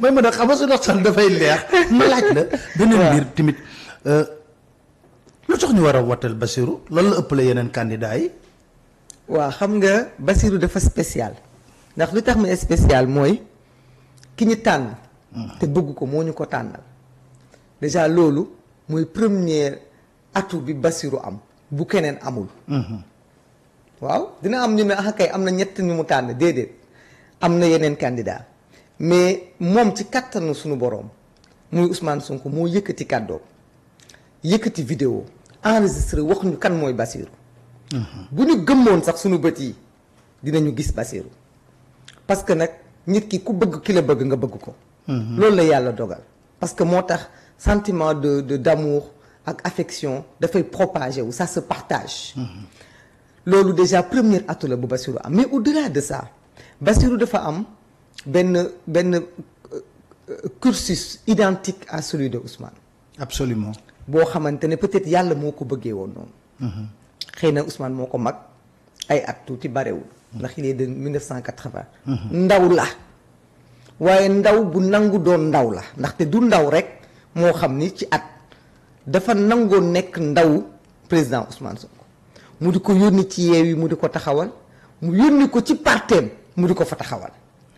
mooy ma nag xam nga su ndoxtal dafay leex ma laaj la beneen mbir tamit euh, lu tax ñu war a wateel Bassirou lan la ëppale yeneen candidat yi waaw xam nga Bassirou dafa spécial ndax lu tax mu spécial mooy ki ñu tànn hmm. te bëgg ko moo ñu ko tànnal déjà loolu muy premier atout bi Bassirou am bu keneen amul hmm. waaw dina am ñu ne ah kay am na ñett ñu mu tànn déedéet am na yeneen candidat mais mom ci kattanu suñu borom, muy Ousmane Sonko mo yëkëti cadeau, yëkëti vidéo enregistré wax ñu kan moy Bassirou. bu ñu gëmmoon sax suñu bëti dinañu gis parce que nak nit ki ku bëgg ki la bëgg nga bëgg ko. loolu la Yalla dogal parce que motax sentiment de de d'amour ak affection fay propager ou ça se partage. loolu déjà premier atu la bu Basirou am mais au-delà de ça Bassirou dafa am. Ben, ben, cursus identique à celui de Ousmane. absolument Bo xamantene ne peut-être yalla moko beugé won non. Hmm. xëy Ousmane moko mag ay at tuuti barewul. Mhm. ndax il est de 1980. Mhm. ndaw la Waye ndaw bu nangu doon ndaw la ndaxte du ndaw rek mo xamni ci at dafa nangoo nek ndaw président Ousmane Sonko mu di ko yónni ci yeew yi mu di ko taxawal mu yoni ko ci mu fa taxawal.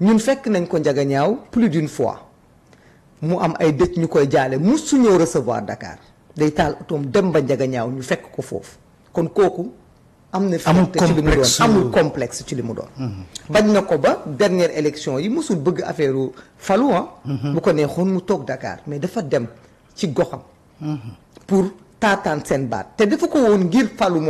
ñun fekk nañ ko plus d'une fois mu am ay ñu koy mu recevoir Dakar day taal autom dem ba ñu fekk ko kon am complexe ci li mu mhm. bañ dernière élection yi musul bëgg affaireu falu ah. mhm. bu ko mu Dakar mais dafa dem ci goxam mhm. pour ko ngir falu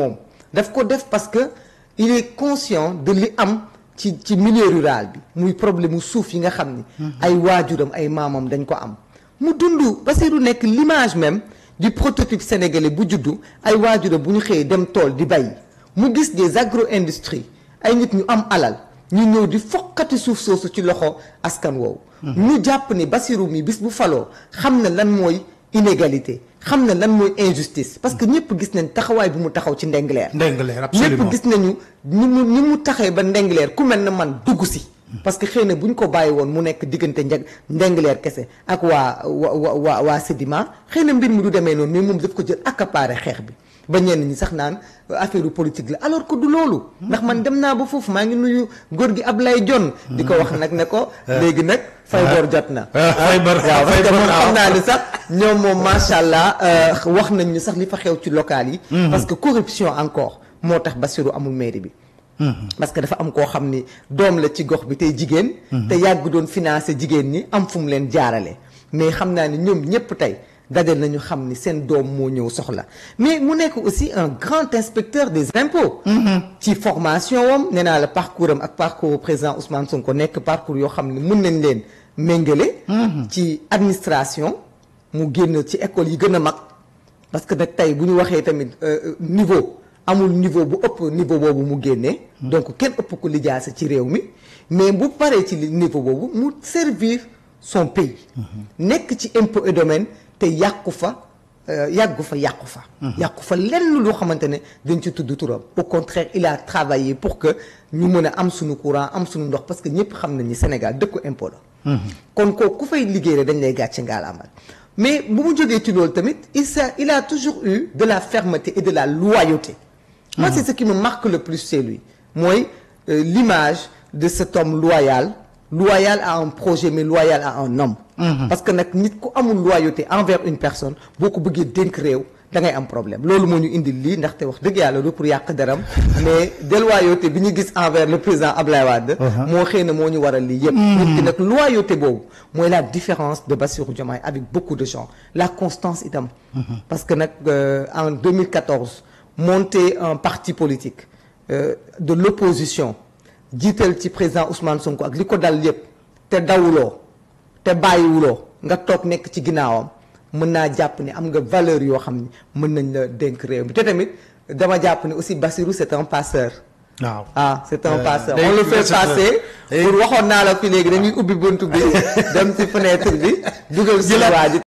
def parce que il est conscient de li am ci ci milieu rural bi muy problème mu suuf yi nga xam ni mhm. ay waajuram ay maamam dañ ko am mu dund Bassirou nekk l'image même du prototype sénégalais bu juddu ay waajuram bu ñu xëyee dem tool di bay mu gis des agro-industries ay nit ñu am alal ñu ñëw di fokkati suuf soosu ci loxo askan woowu. Mhm. ñu jàpp ni Bassirou mi bis bu faloo xam na lan mooy inégalité xam na lan mooy injustice parce que ñëpp gis nañ taxawaay bu mu taxaw ci Ndingler. Ndingler absolument ñëpp gis nañu ni mu ni mu taxee ba Ndingler ku mel ne man dugg si. parce que xëy na bu ñu ko bàyyi woon mu nekk diggante njag Ndingler kese ak waa wa wa waa Sedima xëy na mbir mi du demee noonu mais moom daf ko jël accaparé xeex bi. ba ñenn ñi sax naan affaire politique la alors que du loolu. ndax man dem naa ba foofu maa ngi nuyu góor gi lay John. di ko wax nag ne ko. léegi nag Faybor jot na. Faybor waaw parce sax ñoom moom macha allah euh, wax nañ ñu sax li xew ci local yi. Mm-hmm. parce que moo tax Bassirou amul mairie bi. Mm-hmm. parce que dafa am koo xam ni doom la ci gox bi tey jigéen. Mm-hmm. te yàgg doon financé jigéen ñi am fu mu leen jaarale. mais xam naa ni ñoom ñëpp tey. dadel nañu xam ni seen doom moo ñëw soxla mais mu nekk aussi un grand inspecteur des impôts mm-hmm. ci formation wam nee naa la parcours am ak parcours président Ousmane Sonko nekk parcours yoo xam ne mën nañ leen méngale mm-hmm. ci administration mu génn ci école yi gën a mag parce que nag tey bu ñu waxee tamit euh, euh, niveau amul niveau bu ëpp niveau boobu mu génnee mm-hmm. donc kenn ëpp ko lijaasa ci réew mi mais bu paree ci niveau boobu mu servir son pays nekk ci impôt et domaine Yakoufa, Yakufa, euh, Yakoufa, Yakoufa, fa yàqu fa. Mhm. yàqu fa de au contraire il a travaillé pour que nous mën a am suñu courant am parce que nous sommes ni Sénégal dëkku impôt la. Mhm. kon kooku ku fay liggéey rek dañ lay mais bu mu jógee ci il il a toujours eu de la fermeté et de la loyauté. moi mhm. c'est ce qui me marque le plus chez lui Moi, euh, l'image de cet homme loyal loyal à un projet mais loyal à un homme. Mhm. parce que si nit a amul loyauté envers une personne beaucoup de gens dénk un am problème c'est ce que indil lii ndaxte wax que yàlla du pour mais de loyauté gis envers le président Ablaye c'est mhm. moo xëy na moo mhm. loyauté c'est la différence de Bassirou Diomaye avec beaucoup de gens la constance itam. parce que euh, en 2014 monter un parti politique euh, de l'opposition jiital ci président Ousmane Sonko ak li ko dal yépp te dawuloo te bàyyiwuloo nga toog nekk ci ginnaawam mën naa jàpp ni am nga valeur yoo xam ni mën nañ la dénk réew mi te tamit dama jàpp ni aussi Bassirou c'est un passeur. waaw ah c'est un euh, passeur on le fait passer pour waxoon naa la fi léegi dañuy ubbi buntu bi dem ci fenêtre bi dugal si waa ji